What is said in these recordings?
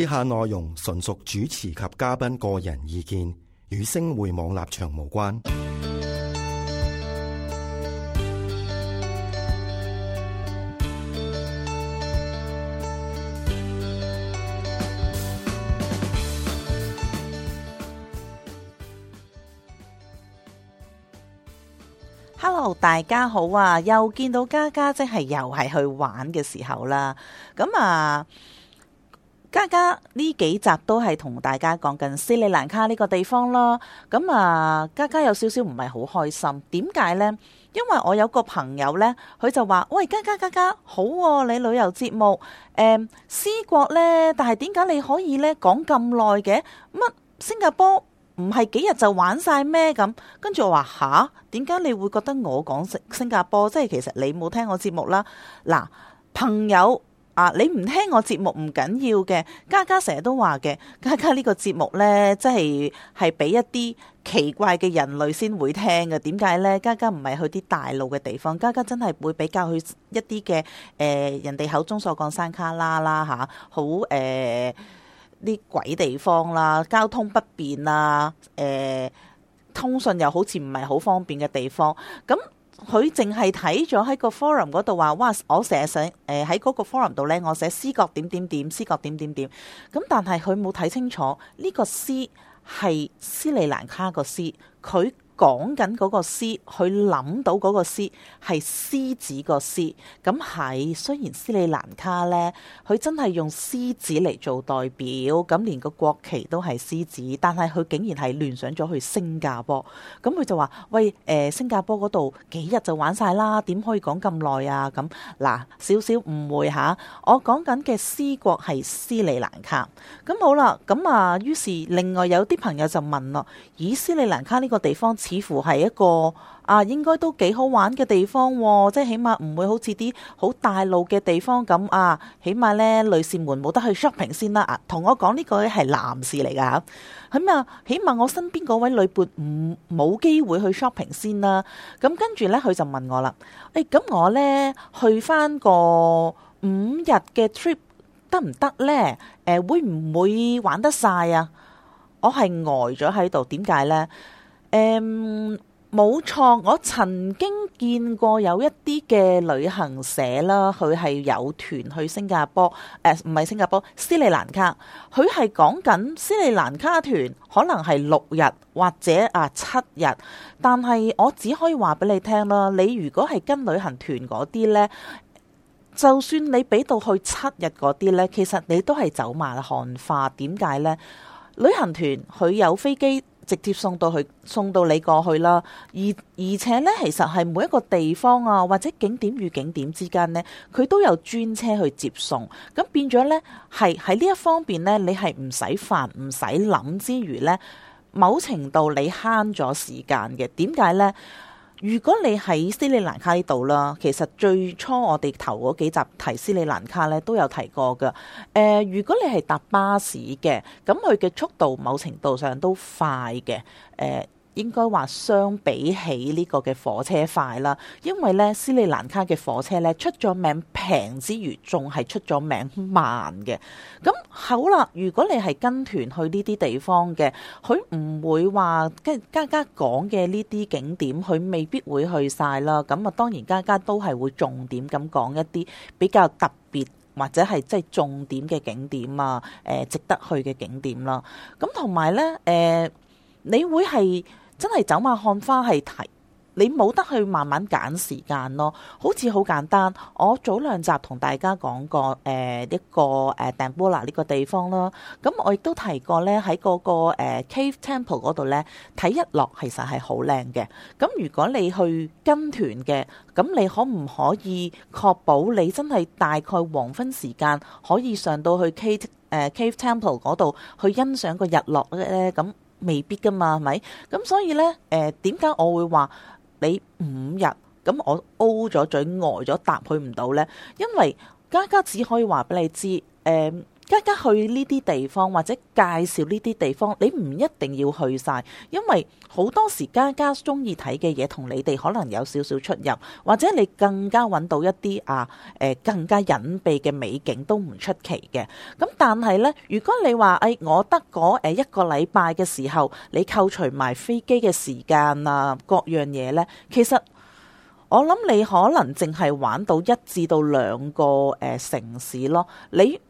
以下內容純屬主持及嘉賓個人意見，與星匯網立場無關。Hello，大家好啊！又見到嘉嘉，即係又係去玩嘅時候啦。咁啊～嘉嘉呢幾集都係同大家講緊斯里蘭卡呢個地方啦，咁啊嘉嘉有少少唔係好開心，點解呢？因為我有個朋友呢，佢就話：喂，嘉嘉嘉嘉，好喎、啊，你旅遊節目，誒、嗯，斯國呢，但係點解你可以呢講咁耐嘅？乜新加坡唔係幾日就玩晒咩咁？跟住我話吓，點解你會覺得我講新加坡？即係其實你冇聽我節目啦。嗱，朋友。啊！你唔聽我節目唔緊要嘅，嘉嘉成日都話嘅，嘉嘉呢個節目呢，即係係俾一啲奇怪嘅人類先會聽嘅。點解呢？嘉嘉唔係去啲大路嘅地方，嘉嘉真係會比較去一啲嘅誒，人哋口中所講山卡拉啦吓、啊，好誒，啲、呃、鬼地方啦，交通不便啦，誒、呃，通訊又好似唔係好方便嘅地方，咁、嗯。佢淨係睇咗喺個 forum 嗰度話，哇！我成日寫誒喺嗰個 forum 度咧，我寫詩角點點點，詩角點點點。咁但係佢冇睇清楚，呢個詩係斯里蘭卡個詩，佢。講緊嗰個獅，佢諗到嗰個獅係獅子個獅，咁係雖然斯里蘭卡呢，佢真係用獅子嚟做代表，咁連個國旗都係獅子，但係佢竟然係聯想咗去新加坡，咁佢就話：喂，誒新加坡嗰度幾日就玩晒啦，點可以講咁耐啊？咁嗱，少少誤會吓，我講緊嘅獅國係斯里蘭卡。咁好啦，咁啊，於是另外有啲朋友就問咯：以斯里蘭卡呢個地方。似乎係一個啊，應該都幾好玩嘅地、哦、地方，即係起碼唔會好似啲好大路嘅地方咁啊。起碼咧，女士們冇得去 shopping 先啦。同、啊、我講呢個咧係男士嚟㗎嚇，咁啊，起碼我身邊嗰位女伴唔冇機會去 shopping 先啦。咁、啊、跟住咧，佢就問我啦：誒、哎，咁我咧去翻個五日嘅 trip 得唔得咧？誒、啊，會唔會玩得晒啊？我係呆咗喺度，點解咧？誒，冇錯、um,，我曾經見過有一啲嘅旅行社啦，佢係有團去新加坡，誒、呃，唔係新加坡，斯里蘭卡，佢係講緊斯里蘭卡團，可能係六日或者啊七日，但係我只可以話俾你聽啦，你如果係跟旅行團嗰啲呢，就算你俾到去七日嗰啲呢，其實你都係走馬看花，點解呢？旅行團佢有飛機。直接送到去，送到你過去啦。而而且呢，其實係每一個地方啊，或者景點與景點之間呢，佢都有專車去接送。咁變咗呢，係喺呢一方面呢，你係唔使煩、唔使諗之餘呢，某程度你慳咗時間嘅。點解呢？如果你喺斯里蘭卡呢度啦，其實最初我哋頭嗰幾集提斯里蘭卡咧都有提過㗎。誒、呃，如果你係搭巴士嘅，咁佢嘅速度某程度上都快嘅。誒、呃。應該話相比起呢個嘅火車快啦，因為咧斯里蘭卡嘅火車咧出咗名平之餘，仲係出咗名慢嘅。咁好啦，如果你係跟團去呢啲地方嘅，佢唔會話跟家家講嘅呢啲景點，佢未必會去晒啦。咁啊，當然家家都係會重點咁講一啲比較特別或者係即係重點嘅景點啊，誒、呃、值得去嘅景點啦。咁同埋咧，誒、呃、你會係。真係走馬看花係提，你冇得去慢慢揀時間咯。好似好簡單，我早兩集同大家講過誒、呃、一個誒、呃、Dambulla 呢個地方啦。咁、嗯、我亦都提過呢，喺、嗰個、呃、Cave Temple 嗰度呢，睇日落，其實係好靚嘅。咁、嗯、如果你去跟團嘅，咁、嗯、你可唔可以確保你真係大概黃昏時間可以上到去 Cave、呃、Cave Temple 嗰度去欣賞個日落咧？咁、嗯？未必㗎嘛，係咪？咁所以咧，誒點解我會話你五日咁我 O 咗嘴呆咗，呃、答佢唔到咧？因為家家只可以話俾你知，誒、呃。家家去呢啲地方或者介紹呢啲地方，你唔一定要去晒，因為好多時家家中意睇嘅嘢同你哋可能有少少出入，或者你更加揾到一啲啊誒更加隱秘嘅美景都唔出奇嘅。咁但係呢，如果你話誒、哎、我得嗰一個禮拜嘅時候，你扣除埋飛機嘅時間啊各樣嘢呢，其實我諗你可能淨係玩到一至到兩個誒、呃、城市咯，你。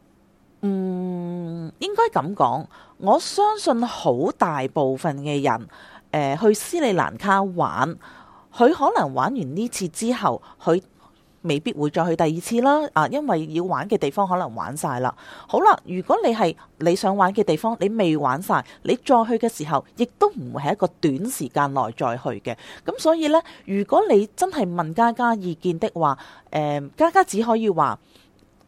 嗯，應該咁講，我相信好大部分嘅人，誒、呃、去斯里蘭卡玩，佢可能玩完呢次之後，佢未必會再去第二次啦。啊，因為要玩嘅地方可能玩晒啦。好啦，如果你係你想玩嘅地方，你未玩晒，你再去嘅時候，亦都唔會係一個短時間內再去嘅。咁所以呢，如果你真係問嘉嘉意見的話，誒嘉嘉只可以話。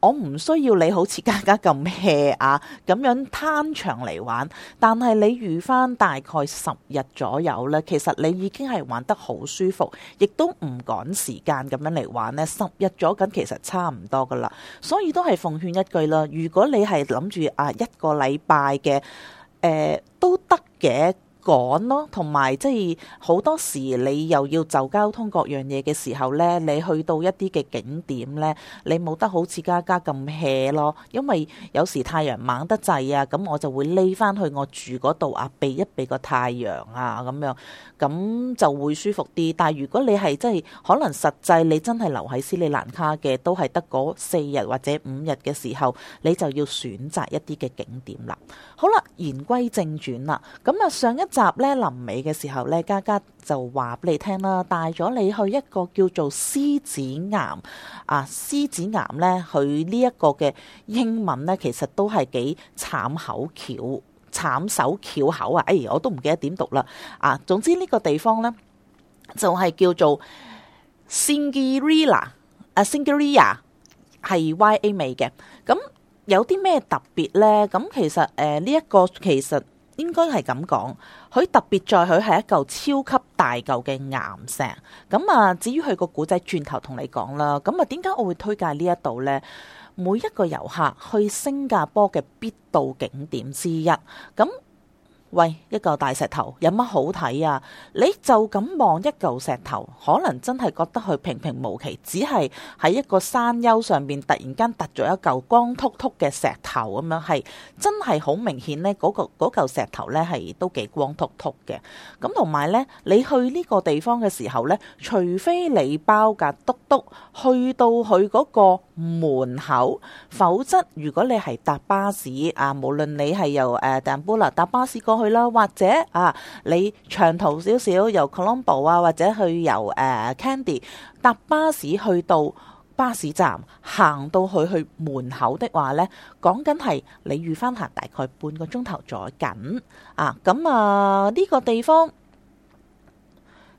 我唔需要你好似家家咁 hea 啊，咁樣攤場嚟玩。但係你預返大概十日左右咧，其實你已經係玩得好舒服，亦都唔趕時間咁樣嚟玩。呢十日咗緊其實差唔多噶啦，所以都係奉勸一句啦。如果你係諗住啊一個禮拜嘅，誒、呃、都得嘅。趕咯，同埋即係好多時你又要就交通各樣嘢嘅時候呢，你去到一啲嘅景點呢，你冇得好似家家咁 hea 咯，因為有時太陽猛得滯啊，咁我就會匿翻去我住嗰度啊，避一避個太陽啊咁樣，咁就會舒服啲。但係如果你係即係可能實際你真係留喺斯里蘭卡嘅，都係得嗰四日或者五日嘅時候，你就要選擇一啲嘅景點啦。好啦，言歸正傳啦，咁啊上一集咧臨尾嘅時候咧，嘉嘉就話俾你聽啦，帶咗你去一個叫做獅子岩啊！獅子岩咧，佢呢一個嘅英文咧，其實都係幾慘口巧、慘手巧口啊！哎我都唔記得點讀啦啊！總之呢個地方咧，就係、是、叫做 Sigiriya 啊，Sigiriya 係 Y A 尾嘅。咁有啲咩特別咧？咁其實誒呢一個其實。應該係咁講，佢特別在佢係一嚿超級大嚿嘅岩石。咁啊，至於佢個古仔，轉頭同你講啦。咁啊，點解我會推介呢一度呢？每一個遊客去新加坡嘅必到景點之一。咁喂，一嚿大石頭有乜好睇啊？你就咁望一嚿石頭，可能真係覺得佢平平無奇，只係喺一個山丘上面突然間突咗一嚿光禿禿嘅石頭咁樣，係真係好明顯呢嗰、嗰個嚿石頭呢係都幾光禿禿嘅。咁同埋呢，你去呢個地方嘅時候呢，除非你包架督督去到佢嗰、嗰個。門口，否則如果你係搭巴士啊，無論你係由、啊、Dambulla 搭巴士過去啦，或者啊你長途少少由 Colombo 啊，或者去由誒、啊、Candy 搭巴士去到巴士站，行到去去門口的話呢講緊係你預翻行大概半個鐘頭左緊啊！咁啊呢、啊呢個地方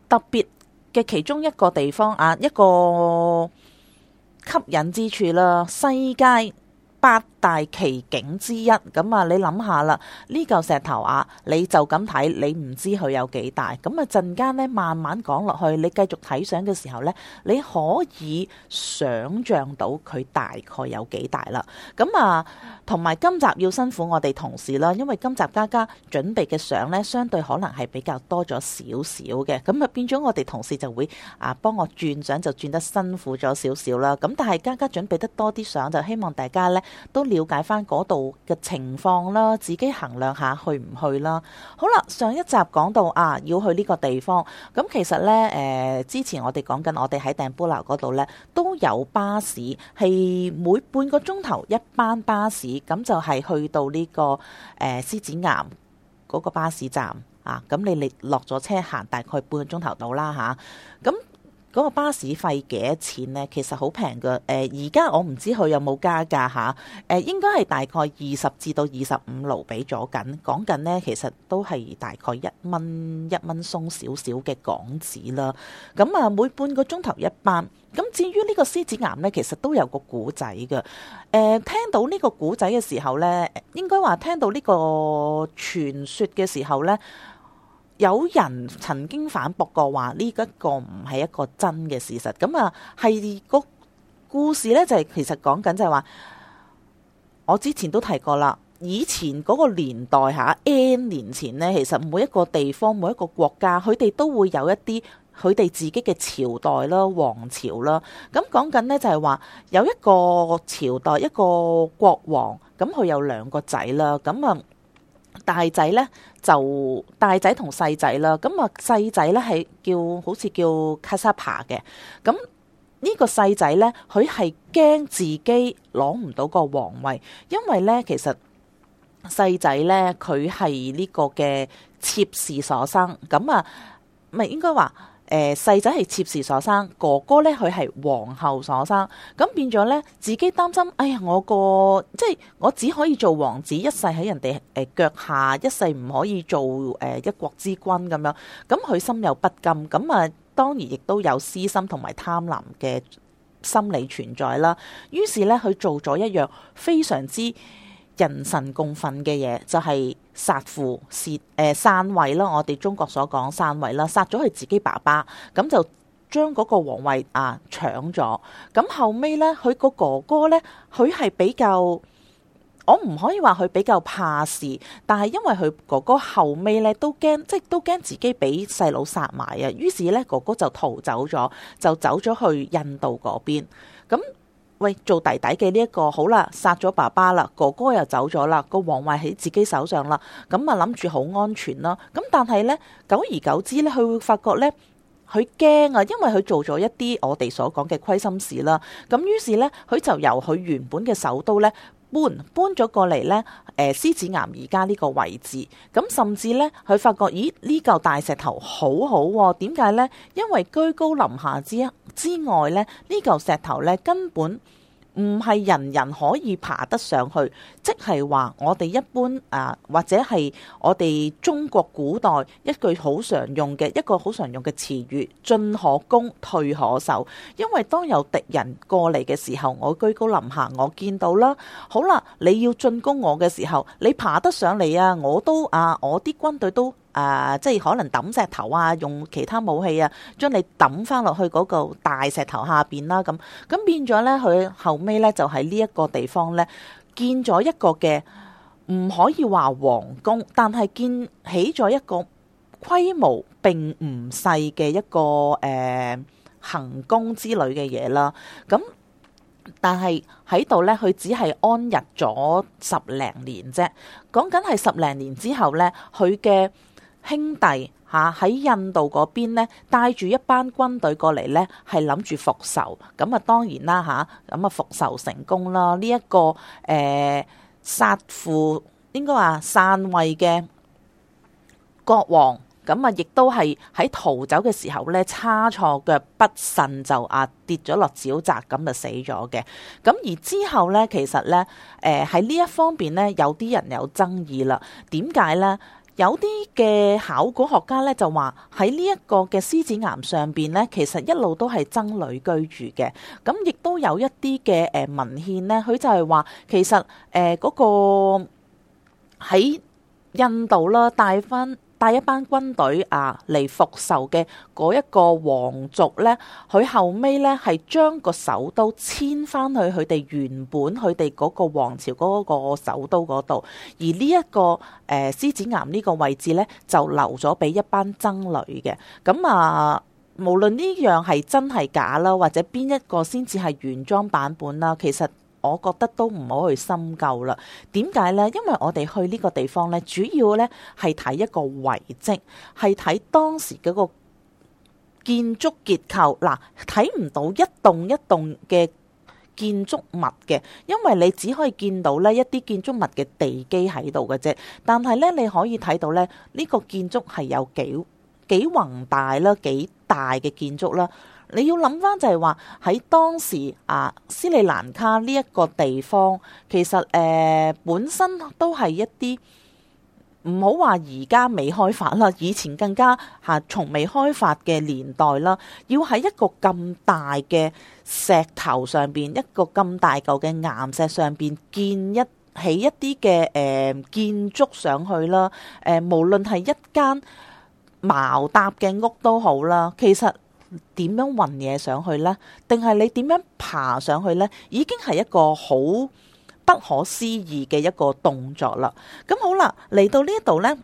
特別嘅其中一個地方啊，一個。吸引之處啦，世界八，大奇景之一，咁啊，你諗下啦，呢嚿石頭啊，你就咁睇，你唔知佢有幾大，咁啊陣間咧慢慢講落去，你繼續睇相嘅時候咧，你可以想象到佢大概有幾大啦。咁啊，同埋今集要辛苦我哋同事啦，因為今集嘉嘉準備嘅相咧，相對可能係比較多咗少少嘅，咁啊變咗我哋同事就會啊幫我轉相就轉得辛苦咗少少啦。咁但係嘉嘉準備得多啲相，就希望大家咧都。了解翻嗰度嘅情況啦，自己衡量下去唔去啦。好啦，上一集講到啊，要去呢個地方。咁其實呢，誒、呃，之前我哋講緊，我哋喺訂波樓嗰度呢，都有巴士，係每半個鐘頭一班巴士，咁就係去到呢、呢個誒獅、呃、子岩嗰個巴士站啊。咁你你落咗車行大概半個鐘頭到啦吓。咁、啊嗰個巴士費幾多錢呢？其實好平㗎。誒、呃，而家我唔知佢有冇加價吓。誒、呃，應該係大概二十至到二十五盧比咗緊。講緊呢，其實都係大概一蚊一蚊鬆少少嘅港紙啦。咁、嗯、啊，每半個鐘頭一班。咁、嗯、至於呢個獅子岩呢，其實都有個古仔㗎。誒、呃，聽到呢個古仔嘅時候呢，應該話聽到呢個傳説嘅時候呢。有人曾經反駁過話呢一個唔係一個真嘅事實，咁啊係個故事呢，就係、是、其實講緊就係話，我之前都提過啦，以前嗰個年代吓 N 年前呢，其實每一個地方每一個國家，佢哋都會有一啲佢哋自己嘅朝代啦、王朝啦。咁講緊呢，就係、是、話有一個朝代一個國王，咁佢有兩個仔啦，咁啊。大仔咧就大仔同細仔啦，咁啊細仔咧係叫好似叫卡沙帕嘅，咁呢個細仔咧佢係驚自己攞唔到個皇位，因為咧其實細仔咧佢係呢個嘅妾侍所生，咁啊咪應該話。誒、呃、細仔係妾侍所生，哥哥咧佢係皇后所生，咁變咗咧自己擔心，哎呀我個即係我只可以做王子，一世喺人哋誒、呃、腳下，一世唔可以做誒、呃、一國之君咁樣，咁佢心有不甘，咁啊當然亦都有私心同埋貪婪嘅心理存在啦。於是咧佢做咗一樣非常之人神共憤嘅嘢就係、是、殺父竊誒篡位啦！我哋中國所講篡位啦，殺咗佢自己爸爸，咁就將嗰個皇位啊搶咗。咁後尾呢，佢個哥哥呢，佢係比較，我唔可以話佢比較怕事，但係因為佢哥哥後尾呢都驚，即係都驚自己俾細佬殺埋啊。於是呢，哥哥就逃走咗，就走咗去印度嗰邊咁。喂，做弟弟嘅呢一個好啦，殺咗爸爸啦，哥哥又走咗啦，個皇位喺自己手上啦，咁啊諗住好安全啦。咁但係呢，久而久之呢，佢會發覺呢，佢驚啊，因為佢做咗一啲我哋所講嘅虧心事啦。咁於是呢，佢就由佢原本嘅首都呢搬搬咗過嚟呢誒獅子岩而家呢個位置。咁甚至呢，佢發覺，咦，呢嚿大石頭好好，啊，點解呢？因為居高臨下之一。之外呢，呢嚿石頭呢，根本唔係人人可以爬得上去，即係話我哋一般啊，或者係我哋中國古代一句好常用嘅一個好常用嘅詞語：進可攻，退可守。因為當有敵人過嚟嘅時候，我居高臨下，我見到啦，好啦，你要進攻我嘅時候，你爬得上嚟啊？我都啊，我啲軍隊都。啊、呃，即係可能抌石頭啊，用其他武器啊，將你抌翻落去嗰個大石頭下邊啦、啊。咁咁變咗呢，佢後尾呢，就喺呢一個地方呢，建咗一個嘅唔可以話皇宮，但係建起咗一個規模並唔細嘅一個誒、呃、行宮之類嘅嘢啦。咁但係喺度呢，佢只係安逸咗十零年啫。講緊係十零年之後呢，佢嘅。兄弟，嚇、啊、喺印度嗰邊咧，帶住一班軍隊過嚟呢，係諗住復仇。咁啊，當然啦，吓，咁啊，復仇成功啦。呢、這、一個誒、呃、殺父，應該話篡位嘅國王，咁啊，亦都係喺逃走嘅時候呢，差錯腳不慎就啊跌咗落沼澤，咁就死咗嘅。咁而之後呢，其實呢，誒喺呢一方面呢，有啲人有爭議啦。點解呢？有啲嘅考古學家咧就話喺呢一個嘅獅子岩上邊咧，其實一路都係僧侶居住嘅。咁亦都有一啲嘅誒文獻咧，佢就係話其實誒嗰個喺印度啦，帶翻。帶一班軍隊啊嚟復仇嘅嗰一個皇族呢，佢後尾呢係將個首都遷翻去佢哋原本佢哋嗰個王朝嗰個首都嗰度，而呢一個誒獅子岩呢個位置呢，就留咗俾一班僧侶嘅。咁啊，無論呢樣係真係假啦，或者邊一個先至係原裝版本啦，其實。我覺得都唔好去深究啦。點解呢？因為我哋去呢個地方呢，主要呢係睇一個遺跡，係睇當時嗰個建築結構。嗱，睇唔到一棟一棟嘅建築物嘅，因為你只可以見到呢一啲建築物嘅地基喺度嘅啫。但係呢，你可以睇到呢呢個建築係有幾幾宏大啦，幾大嘅建築啦。你要諗翻就係話喺當時啊，斯里蘭卡呢一個地方其實誒、呃、本身都係一啲唔好話而家未開發啦，以前更加嚇從、啊、未開發嘅年代啦，要喺一個咁大嘅石頭上邊，一個咁大嚿嘅岩石上邊建一起一啲嘅誒建築上去啦，誒、呃、無論係一間茅搭嘅屋都好啦，其實。點樣運嘢上去呢？定係你點樣爬上去呢？已經係一個好不可思議嘅一個動作啦。咁好啦，嚟到呢一度呢，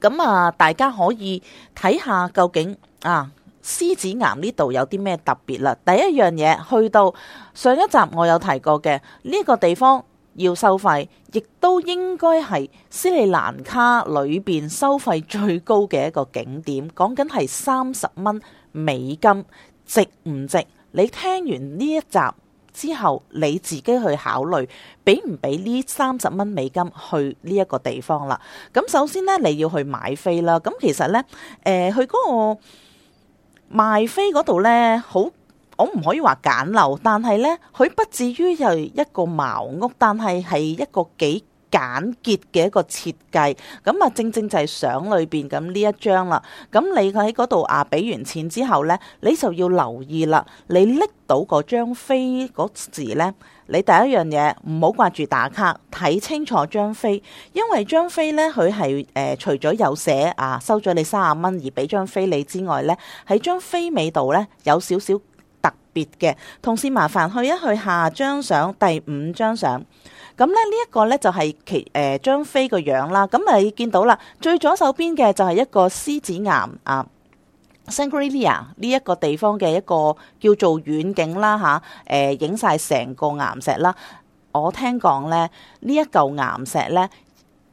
咁啊大家可以睇下究竟啊獅子岩呢度有啲咩特別啦。第一樣嘢去到上一集我有提過嘅呢個地方要收費，亦都應該係斯里蘭卡裏邊收費最高嘅一個景點，講緊係三十蚊。美金值唔值？你聽完呢一集之後，你自己去考慮，俾唔俾呢三十蚊美金去呢一個地方啦？咁首先呢，你要去買飛啦。咁其實呢，誒、呃，去嗰個賣飛嗰度呢，好，我唔可以話簡陋，但係呢，佢不至於係一個茅屋，但係係一個幾。簡潔嘅一個設計，咁啊正正就係相裏邊咁呢一張啦。咁你喺嗰度啊，俾完錢之後呢，你就要留意啦。你拎到個張飛嗰字呢，你第一樣嘢唔好掛住打卡，睇清楚張飛，因為張飛呢，佢係誒除咗有寫啊收咗你三十蚊而俾張飛你之外呢，喺張飛尾度呢，有少少特別嘅。同時麻煩去一去下張相，第五張相。咁咧、嗯這個、呢一個咧就係、是、其誒、呃、張飛個樣啦，咁、嗯、咪見到啦，最左手邊嘅就係一個獅子岩啊，Sigiriya 呢一個地方嘅一個叫做遠景啦吓，誒影晒成個岩石啦，我聽講咧呢一嚿岩石咧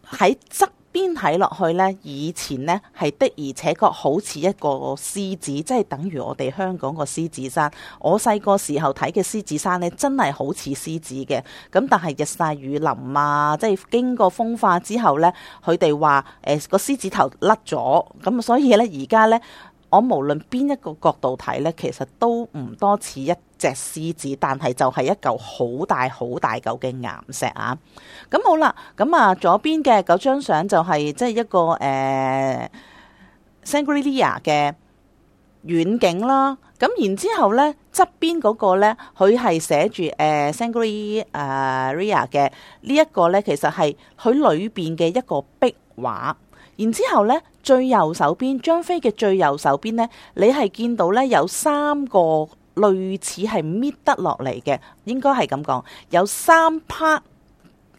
喺側邊睇落去呢，以前呢，係的而且確好似一個獅子，即係等於我哋香港個獅子山。我細個時候睇嘅獅子山呢，真係好似獅子嘅。咁但係日曬雨淋啊，即係經過風化之後呢，佢哋話誒個獅子頭甩咗。咁所以呢，而家呢。我無論邊一個角度睇咧，其實都唔多似一隻獅子，但係就係一嚿好大好大嚿嘅岩石啊！咁好啦，咁啊左邊嘅九張相就係即係一個誒、呃、Sangrilia 嘅遠景啦。咁然之後咧，側邊嗰個咧，佢係寫住誒、呃、Sangrilia 嘅呢一個咧，其實係佢裏邊嘅一個壁畫。然之後咧，最右手邊張飛嘅最右手邊咧，你係見到咧有三個類似係搣得落嚟嘅，應該係咁講，有三 part，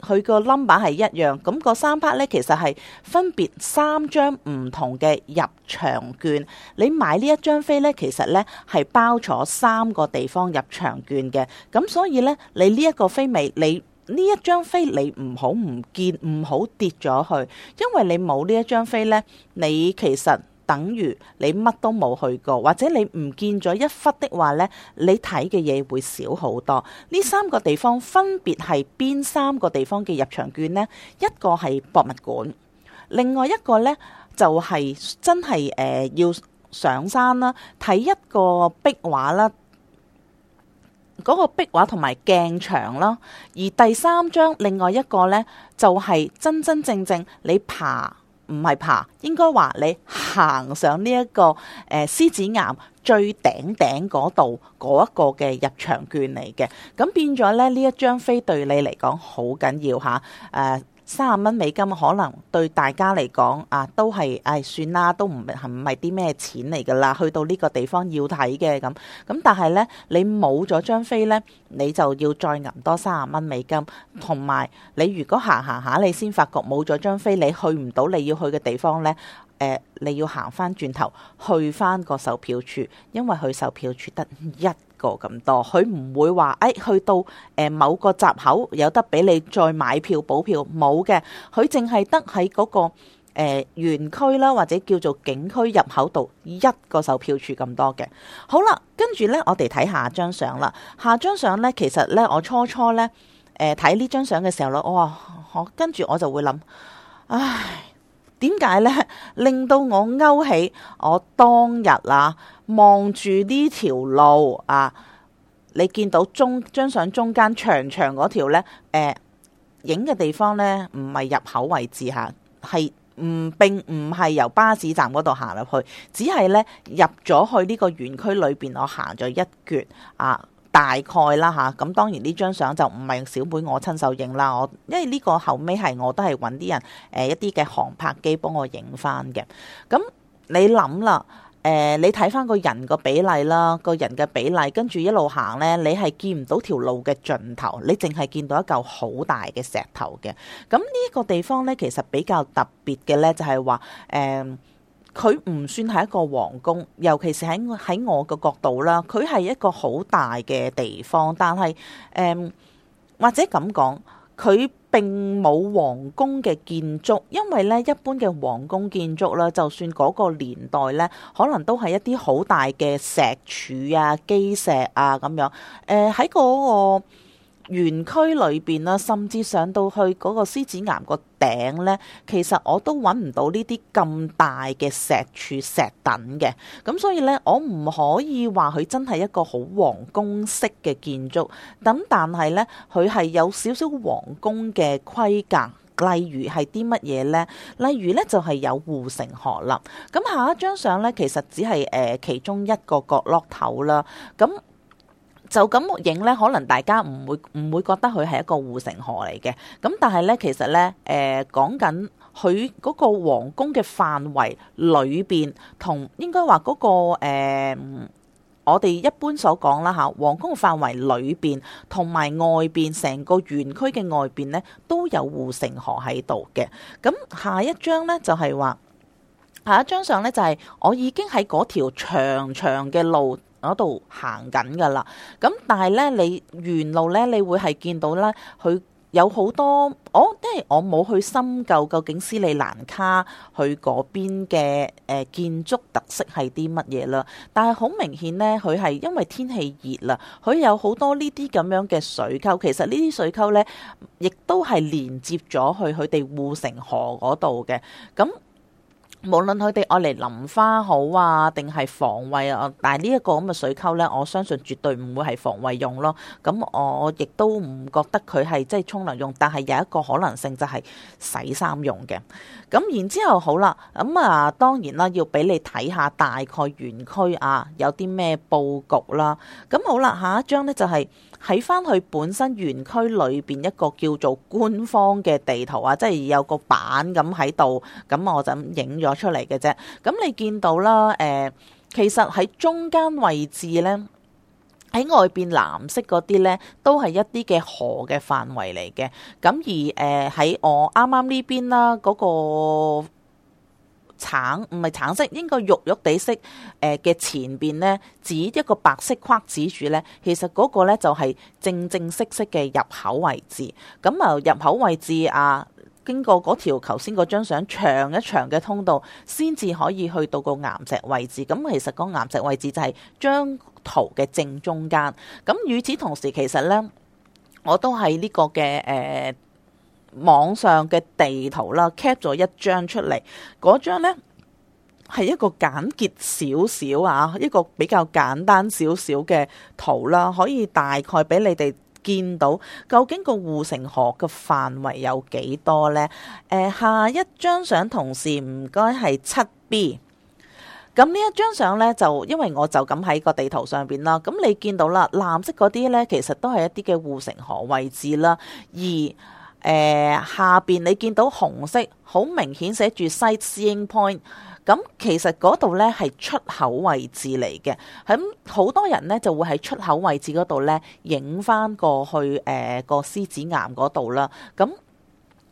佢個 number 係一樣。咁個三 part 咧，其實係分別三張唔同嘅入場券。你買一張呢一張飛咧，其實咧係包咗三個地方入場券嘅。咁所以咧，你呢一個飛尾你。呢一張飛你唔好唔見，唔好跌咗去，因為你冇呢一張飛呢，你其實等於你乜都冇去過，或者你唔見咗一忽的話呢，你睇嘅嘢會少好多。呢三個地方分別係邊三個地方嘅入場券呢？一個係博物館，另外一個呢就係真係誒要上山啦，睇一個壁畫啦。嗰個壁畫同埋鏡牆啦，而第三張另外一個呢，就係、是、真真正正你爬唔係爬，應該話你行上呢、這、一個誒、呃、獅子岩最頂頂嗰度嗰一個嘅入場券嚟嘅。咁變咗咧呢一張飛對你嚟講好緊要嚇，誒。啊三十蚊美金可能對大家嚟講啊，都係唉、哎、算啦，都唔係唔係啲咩錢嚟㗎啦。去到呢個地方要睇嘅，咁，咁但係咧，你冇咗張飛咧，你就要再揞多三十蚊美金。同埋你如果行行下，你先發覺冇咗張飛，你去唔到你要去嘅地方咧，誒、呃，你要行翻轉頭去翻個售票處，因為去售票處得一。個咁多，佢唔會話，誒、哎，去到誒、呃、某個閘口有得俾你再買票補票，冇嘅，佢淨係得喺嗰、那個誒園區啦，或者叫做景區入口度一個售票處咁多嘅。好啦，跟住呢，我哋睇下張相啦。下張相呢，其實呢，我初初呢誒，睇呢張相嘅時候咧，我、哦、跟住我就會諗，唉，點解呢？令到我勾起我當日啊？望住呢條路啊，你見到中張相中間長長嗰條呢，誒影嘅地方呢，唔係入口位置吓，係唔並唔係由巴士站嗰度行入去，只係呢入咗去呢個園區裏邊，我行咗一橛啊，大概啦吓，咁、啊、當然呢張相就唔係小妹我親手影啦，我因為呢個後尾係我都係揾啲人誒、呃、一啲嘅航拍機幫我影翻嘅，咁你諗啦。誒、呃，你睇翻個人個比例啦，個人嘅比例，跟住一路行呢，你係見唔到條路嘅盡頭，你淨係見到一嚿好大嘅石頭嘅。咁呢一個地方呢，其實比較特別嘅呢，就係話誒，佢唔算係一個皇宮，尤其是喺喺我個角度啦，佢係一個好大嘅地方，但係誒、呃，或者咁講。佢並冇皇宮嘅建築，因為咧一般嘅皇宮建築咧，就算嗰個年代咧，可能都係一啲好大嘅石柱啊、基石啊咁樣。誒喺嗰個園區裏邊啦，甚至上到去嗰個獅子岩個頂呢，其實我都揾唔到呢啲咁大嘅石柱石等嘅，咁所以呢，我唔可以話佢真係一個好皇宮式嘅建築。咁但係呢，佢係有少少皇宮嘅規格，例如係啲乜嘢呢？例如呢，就係、是、有護城河啦。咁下一張相呢，其實只係誒、呃、其中一個角落頭啦。咁就咁影咧，可能大家唔會唔會覺得佢係一個護城河嚟嘅。咁但係咧，其實咧，誒講緊佢嗰個皇宮嘅範圍裏邊，同應該話嗰個誒、呃，我哋一般所講啦吓，皇宮嘅範圍裏邊同埋外邊成個園區嘅外邊咧，都有護城河喺度嘅。咁下一張咧就係、是、話，下一張相咧就係、是、我已經喺嗰條長長嘅路。嗰度行緊㗎啦，咁但係咧，你沿路咧，你會係見到咧，佢有好多，哦即係、我即係我冇去深究究竟斯里蘭卡佢嗰邊嘅誒、呃、建築特色係啲乜嘢啦。但係好明顯咧，佢係因為天氣熱啦，佢有好多呢啲咁樣嘅水溝。其實呢啲水溝咧，亦都係連接咗去佢哋護城河嗰度嘅。咁無論佢哋愛嚟淋花好啊，定係防衞啊，但係呢一個咁嘅水溝呢，我相信絕對唔會係防衞用咯。咁、嗯、我亦都唔覺得佢係即係沖涼用，但係有一個可能性就係洗衫用嘅。咁、嗯、然之後好啦，咁、嗯、啊當然啦，要俾你睇下大概園區啊有啲咩佈局啦。咁、嗯、好啦，下一張呢就係、是。睇翻佢本身園區裏邊一個叫做官方嘅地圖啊，即係有個版咁喺度，咁我就咁影咗出嚟嘅啫。咁你見到啦，誒、呃，其實喺中間位置呢，喺外邊藍色嗰啲呢，都係一啲嘅河嘅範圍嚟嘅。咁而誒喺、呃、我啱啱呢邊啦嗰、嗰個。橙唔係橙色，應該肉肉地色。誒、呃、嘅前邊呢，指一個白色框指住呢，其實嗰個咧就係、是、正正式式嘅入口位置。咁、嗯、啊、呃，入口位置啊，經過嗰條頭先嗰張相長一長嘅通道，先至可以去到個岩石位置。咁、嗯、其實嗰岩石位置就係張圖嘅正中間。咁、嗯、與此同時，其實呢，我都係呢個嘅誒。呃網上嘅地圖啦 cap 咗一張出嚟，嗰張呢係一個簡潔少少啊，一個比較簡單少少嘅圖啦，可以大概俾你哋見到究竟個護城河嘅範圍有幾多呢？誒、呃，下一張相同時唔該係七 B，咁呢一張相呢，就因為我就咁喺個地圖上邊啦，咁你見到啦，藍色嗰啲呢，其實都係一啲嘅護城河位置啦，而誒、呃、下邊你見到紅色，好明顯寫住 sightseeing point，咁其實嗰度呢係出口位置嚟嘅，咁好多人呢就會喺出口位置嗰度呢影返過去誒個獅子岩嗰度啦，咁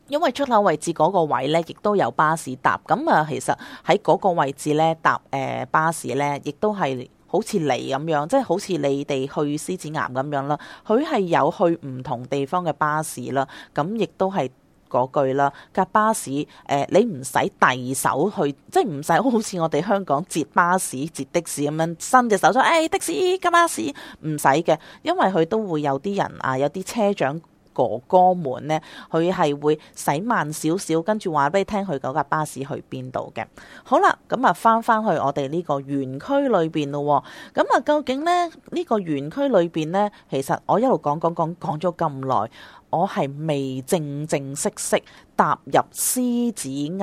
因為出口位置嗰個位呢亦都有巴士搭，咁啊其實喺嗰個位置呢搭誒巴士呢亦都係。好似你咁樣，即係好似你哋去獅子岩咁樣啦，佢係有去唔同地方嘅巴士啦，咁亦都係嗰句啦，架巴士，誒、呃，你唔使遞手去，即係唔使好似我哋香港截巴士、截的士咁樣伸隻手出，誒、哎，的士，架巴士，唔使嘅，因為佢都會有啲人啊，有啲車長。哥哥們呢，佢係會駛慢少少，跟住話俾你聽佢嗰架巴士去邊度嘅。好啦，咁啊翻翻去我哋呢個園區裏邊咯。咁啊，究竟呢？呢個園區裏邊呢？其實我一路講講講講咗咁耐，我係未正正式式踏入獅子岩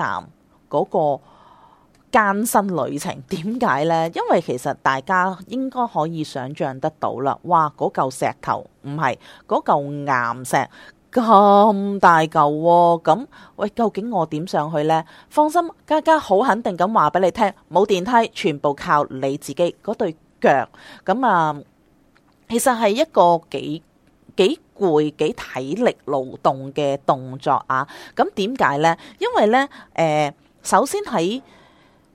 嗰個艱辛旅程點解呢？因為其實大家應該可以想象得到啦。哇！嗰嚿石頭唔係嗰嚿岩石咁大嚿，咁喂，究竟我點上去呢？放心，嘉嘉好肯定咁話俾你聽，冇電梯，全部靠你自己嗰對腳。咁啊，其實係一個幾幾攰幾體力勞動嘅動作啊。咁點解呢？因為呢，誒，首先喺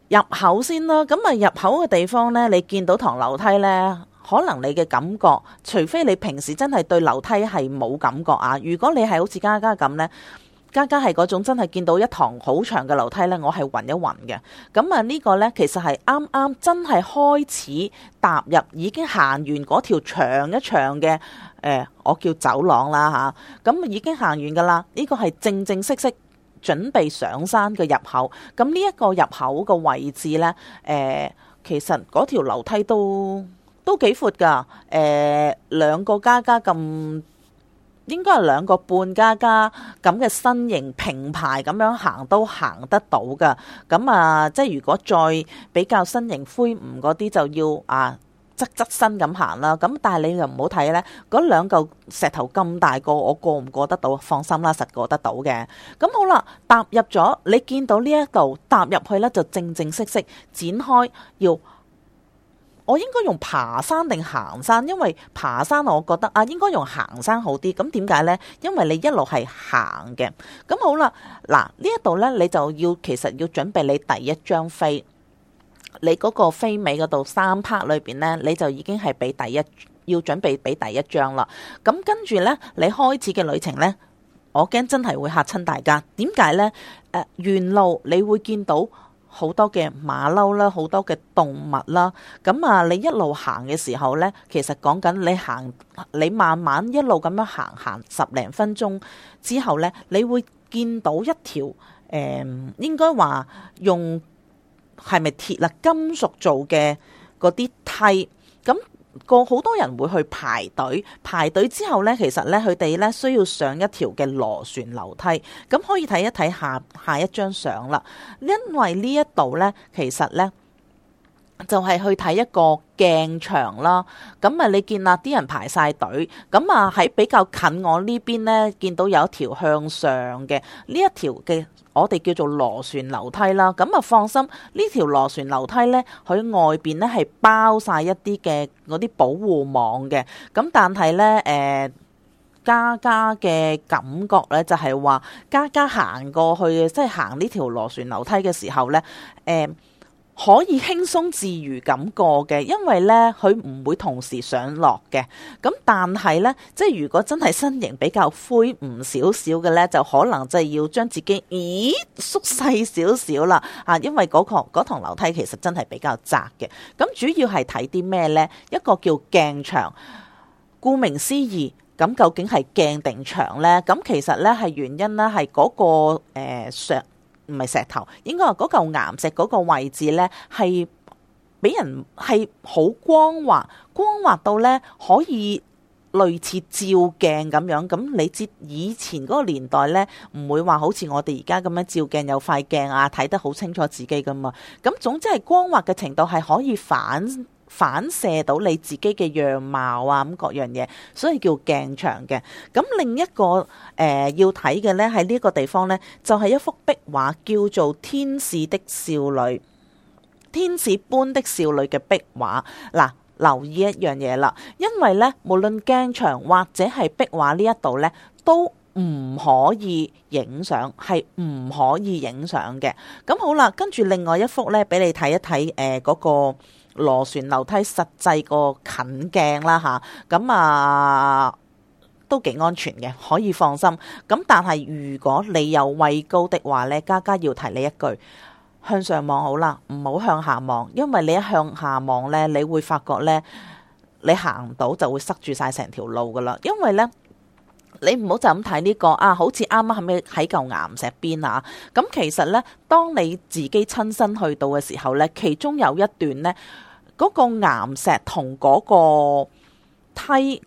入口先咯，咁啊入口嘅地方呢，你見到堂樓梯呢，可能你嘅感覺，除非你平時真係對樓梯係冇感覺啊。如果你係好似嘉嘉咁呢，嘉嘉係嗰種真係見到一堂好長嘅樓梯呢，我係暈一暈嘅。咁啊呢個呢，其實係啱啱真係開始踏入，已經行完嗰條長一長嘅誒、呃，我叫走廊啦嚇。咁、啊嗯、已經行完噶啦，呢、這個係正正式式。準備上山嘅入口，咁呢一個入口嘅位置呢，誒、呃，其實嗰條樓梯都都幾闊噶，誒、呃，兩個加加咁，應該係兩個半加加咁嘅身形平排咁樣行都行得到噶，咁啊，即係如果再比較身形魁梧嗰啲就要啊。側側身咁行啦，咁但係你又唔好睇呢。嗰兩嚿石頭咁大個，我過唔過得到？放心啦，實過得到嘅。咁好啦，踏入咗，你見到呢一度踏入去呢，就正正式式展開。要我應該用爬山定行山？因為爬山，我覺得啊，應該用行山好啲。咁點解呢？因為你一路係行嘅。咁好啦，嗱，呢一度呢，你就要其實要準備你第一張飛。你嗰個飛尾嗰度三 part 裏邊咧，你就已經係俾第一要準備俾第一張啦。咁、嗯、跟住咧，你開始嘅旅程咧，我驚真係會嚇親大家。點解咧？誒、呃，沿路你會見到好多嘅馬騮啦，好多嘅動物啦。咁、嗯、啊，你一路行嘅時候咧，其實講緊你行，你慢慢一路咁樣行行十零分鐘之後咧，你會見到一條誒、嗯，應該話用。係咪鐵啦？金屬做嘅嗰啲梯，咁個好多人會去排隊。排隊之後呢，其實呢，佢哋呢需要上一條嘅螺旋樓梯。咁可以睇一睇下下一張相啦。因為呢一度呢，其實呢就係去睇一個鏡場啦。咁啊，你見啊，啲人排晒隊。咁啊，喺比較近我呢邊呢，見到有一條向上嘅呢一條嘅。我哋叫做螺旋樓梯啦，咁啊，放心，呢條螺旋樓梯呢，佢外邊呢係包晒一啲嘅嗰啲保護網嘅，咁但係呢，誒，家家嘅感覺呢，就係話，家家行過去，即係行呢條螺旋樓梯嘅時候呢。誒、呃。可以輕鬆自如咁過嘅，因為呢，佢唔會同時上落嘅。咁但係呢，即係如果真係身形比較魁梧少少嘅呢，就可能即係要將自己咦縮細少少啦啊！因為嗰個嗰堂樓梯其實真係比較窄嘅。咁、啊、主要係睇啲咩呢？一個叫鏡牆，顧名思義，咁究竟係鏡定牆呢？咁其實呢，係原因呢，係嗰個、呃、上。唔係石頭，應該話嗰嚿岩石嗰個位置呢，係俾人係好光滑，光滑到呢，可以類似照鏡咁樣。咁你知以前嗰個年代呢，唔會話好似我哋而家咁樣照鏡有塊鏡啊，睇得好清楚自己噶嘛。咁總之係光滑嘅程度係可以反。反射到你自己嘅樣貌啊，咁各樣嘢，所以叫鏡牆嘅。咁另一個誒、呃、要睇嘅呢，喺呢一個地方呢，就係、是、一幅壁畫，叫做《天使的少女》。天使般的少女嘅壁畫，嗱、啊、留意一樣嘢啦，因為呢，無論鏡牆或者係壁畫呢一度呢，都唔可以影相，係唔可以影相嘅。咁好啦，跟住另外一幅呢，俾你睇一睇誒嗰個。螺旋樓梯實際個近鏡啦吓，咁啊都幾安全嘅，可以放心。咁但係如果你有畏高的話呢，家家要提你一句，向上望好啦，唔好向下望，因為你一向下望呢，你會發覺呢，你行唔到就會塞住晒成條路噶啦。因為呢，你唔好就咁睇呢個啊，好似啱啱係咪喺嚿岩石邊啊。咁其實呢，當你自己親身去到嘅時候呢，其中有一段呢。嗰個岩石同嗰個梯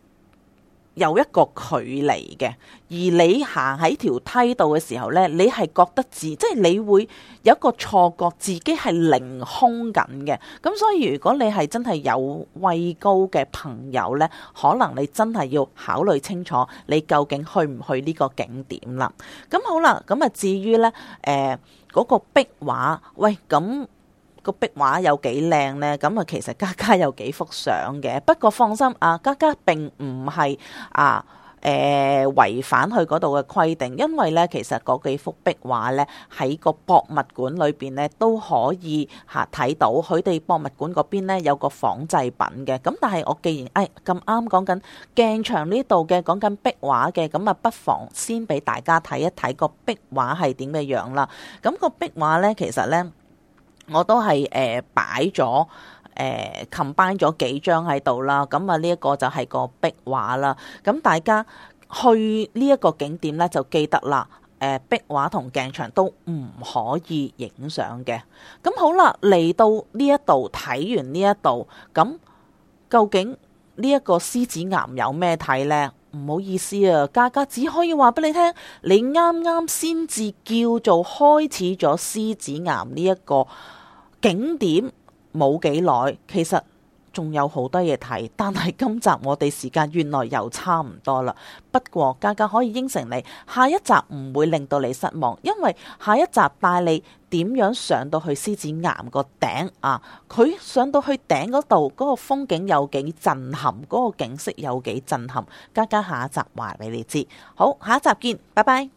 有一個距離嘅，而你行喺條梯度嘅時候呢，你係覺得自己即係你會有一個錯覺，自己係凌空緊嘅。咁所以如果你係真係有畏高嘅朋友呢，可能你真係要考慮清楚，你究竟去唔去呢個景點啦？咁好啦，咁啊至於呢，誒、呃、嗰個壁畫，喂咁。個壁畫有幾靚咧？咁啊，其實家家有幾幅相嘅。不過放心，啊家家並唔係啊誒、呃、違反佢嗰度嘅規定，因為咧其實嗰幾幅壁畫咧喺個博物館裏邊咧都可以嚇睇到。佢哋博物館嗰邊咧有個仿製品嘅。咁但係我既然誒咁啱講緊鏡牆呢度嘅講緊壁畫嘅，咁啊不妨先俾大家睇一睇個壁畫係點嘅樣啦。咁個壁畫咧，其實咧。我都係誒、呃、擺咗誒、呃、combine 咗幾張喺度啦，咁啊呢一個就係個壁畫啦。咁大家去呢一個景點呢就記得啦。誒、呃、壁畫同鏡牆都唔可以影相嘅。咁好啦，嚟到呢一度睇完呢一度，咁究竟呢一個獅子岩有咩睇呢？唔好意思啊，嘉嘉只可以話俾你聽，你啱啱先至叫做開始咗獅子岩呢一個景點冇幾耐，其實仲有好多嘢睇，但係今集我哋時間原來又差唔多啦。不過嘉嘉可以應承你，下一集唔會令到你失望，因為下一集帶你點樣上到去獅子岩個頂啊！佢上到去頂嗰度，嗰個風景有幾震撼，嗰個景色有幾震撼，嘉嘉下一集話俾你知。好，下一集見，拜拜。